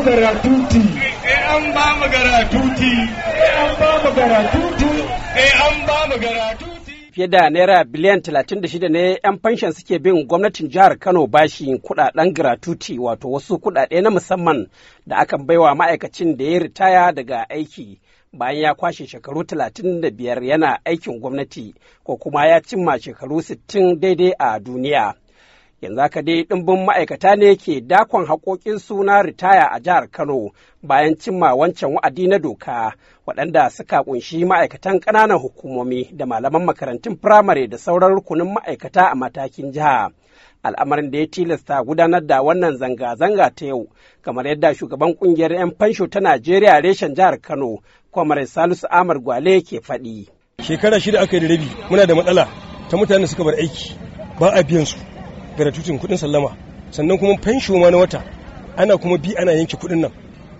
garatuti eh, eh an ba mu garatuti Eh an ba mu garatuti Eh an ba mu garatuti fiye da naira biliyan talatin da shida ne 'yan fanshan suke bin gwamnatin jihar kano bashi kudaden gratuti wato wasu kudade na musamman da akan baiwa ma'aikacin da ya ritaya daga aiki bayan ya kwashe shekaru talatin da biyar yana aikin gwamnati ko kuma ya cimma shekaru sittin daidai a duniya yanzu haka dai ɗimbin ma'aikata ne ke dakon haƙoƙin suna ritaya a jihar kano bayan cimma wancan wa'adi na doka waɗanda suka ƙunshi ma'aikatan ƙananan hukumomi da malaman makarantun firamare da sauran rukunin ma'aikata a matakin jiha al'amarin da ya tilasta gudanar da wannan zanga-zanga ta yau kamar yadda shugaban ƙungiyar 'yan fansho ta najeriya reshen jihar kano kwamar salisu amar gwale ke faɗi shekara shida aka yi da rabi muna da matsala ta mutane suka bar aiki ba a biyan su Garatutun kuɗin sallama sannan kuma fensho ma na wata ana kuma bi ana yanke kuɗin nan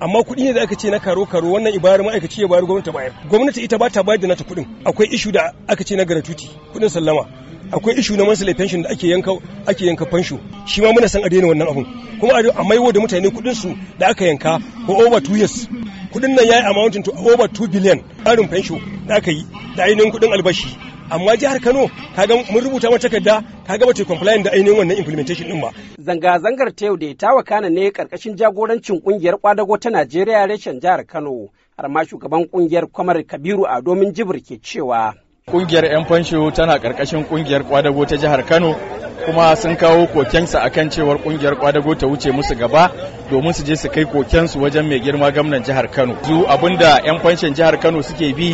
amma kuɗi ne da aka ce na karo karo wannan ibayar ma'aikaci ya bayar gwamnati bayar gwamnati ita ba ta bayar da nata kuɗin akwai ishu da aka ce na gratuity kuɗin sallama akwai ishu na monthly pension da ake yanka ake yanka fansho shi ma muna san a daina wannan abun kuma a maiwo da mutane kuɗin su da aka yanka ko over 2 years kuɗin nan yayi amounting to over 2 billion tsarin fensho da aka yi da ainihin kuɗin albashi amma jihar Kano kaga mun rubuta mata takarda kaga bata complain da ainihin wannan implementation din ba zanga zangar ta yau da ta wakana ne karkashin jagorancin kungiyar kwadago ta Najeriya reshen jihar Kano har ma shugaban kungiyar Kwamar Kabiru a domin jibir ke cewa kungiyar yan fansho tana karkashin kungiyar kwadago ta jihar Kano kuma sun kawo kokensa akan cewar kungiyar kwadago ta wuce musu gaba domin su je su kai kokensu wajen mai girma gwamnan jihar Kano zu abinda yan fanshin jihar Kano suke bi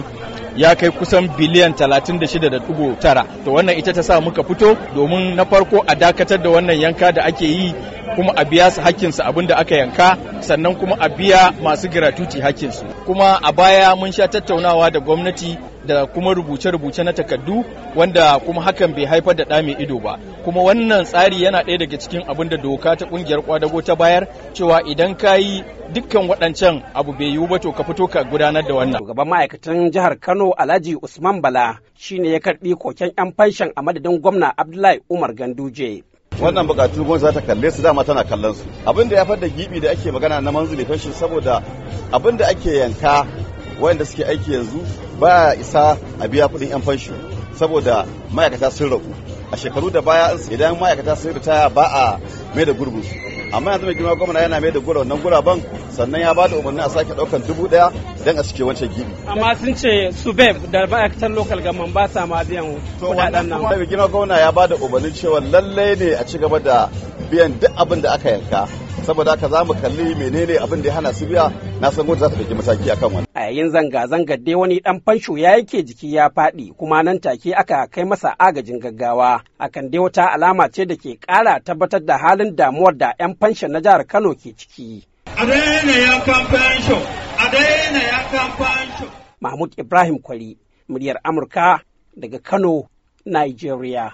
ya kai kusan biliyan 36.9 to wannan ita ta sa muka fito domin na farko a dakatar da wannan yanka da ake yi kuma a biya su hakkinsu abin da aka yanka sannan kuma a biya masu giratuti hakkinsu kuma a baya mun sha tattaunawa da gwamnati da kuma rubuce-rubuce na takaddu wanda kuma hakan bai haifar da ɗame ido ba kuma wannan tsari yana ɗaya daga cikin abin da doka ta ƙungiyar kwadago ta bayar cewa idan ka yi dukkan waɗancan abu bai yiwu ba to ka fito ka gudanar da wannan. Shugaban ma'aikatan jihar Kano Alhaji Usman Bala shine ya karɓi koken 'yan fanshan a madadin gwamna Abdullahi Umar Ganduje. wannan bukatu gwamnati za ta kalle su dama tana kallon su abin da ya fadda gibi da ake magana na manzuli fashin saboda abin da ake yanka wayanda suke aiki yanzu ba isa a biya kudin 'yan fansho saboda ma'aikata sun ragu a shekaru da baya idan ma'aikata sun ritaya ba a mai da gurbin amma yanzu mai girma gwamna yana mai da gura wannan guraben sannan ya ba da umarni a sake daukan dubu daya don a cike wancan gibi amma sun ce su beb da ma'aikatan local gaman ba sa ma biyan kudaden nan mai girma gwamna ya ba da umarnin cewa lallai ne a ci gaba da biyan duk abin da aka yanka saboda haka za mu kalli menene abin da ya hana su biya na san gwamnati za ta ɗauki mataki akan wannan yayin zanga-zangar dai wani dan fansho ya yake jiki ya faɗi kuma nan take aka kai masa agajin gaggawa akan dai wata alama ce da ke ƙara tabbatar da halin damuwar da 'yan fanshon na jihar Kano ke ciki. A Mahmud Ibrahim Kwari, muryar Amurka daga Kano, Nigeria.